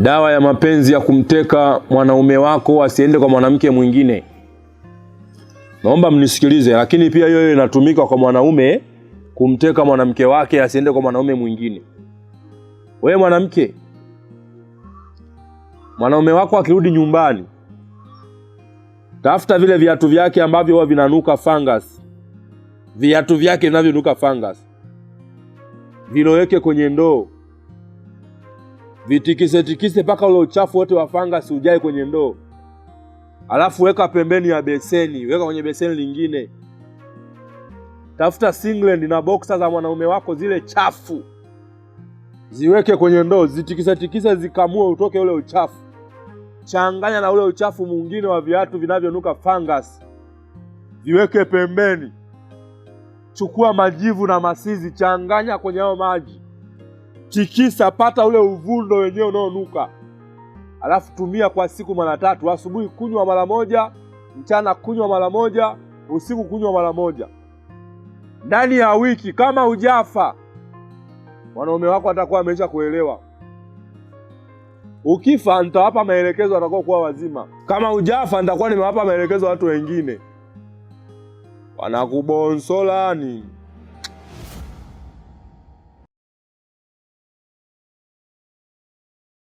dawa ya mapenzi ya kumteka mwanaume wako asiende kwa mwanamke mwingine. Naomba mnisikilize, lakini pia hiyo inatumika kwa mwanaume kumteka mwanamke wake asiende kwa mwanaume mwingine. Wewe mwanamke, mwanaume wako akirudi nyumbani, tafuta vile viatu vyake ambavyo huwa vinanuka fungus, viatu vyake vinavyonuka fungus, viloweke kwenye ndoo vitikise tikise mpaka ule uchafu wote wa fangasi ujae kwenye ndoo, alafu weka pembeni ya beseni, weka kwenye beseni lingine. Tafuta singlet na boksa za mwanaume wako zile chafu, ziweke kwenye ndoo, zitikise tikise, zikamue utoke ule uchafu. Changanya na ule uchafu mwingine wa viatu vinavyonuka fangas viweke pembeni. Chukua majivu na masizi, changanya kwenye hayo maji Tikisa, pata ule uvundo wenyewe unaonuka, alafu tumia kwa siku mara tatu. Asubuhi kunywa mara moja, mchana kunywa mara moja, usiku kunywa mara moja. Ndani ya wiki kama hujafa, wanaume wako atakuwa ameisha kuelewa. Ukifa nitawapa maelekezo watakao kuwa wazima. Kama hujafa nitakuwa nimewapa maelekezo watu wengine. Wanakubonsolani.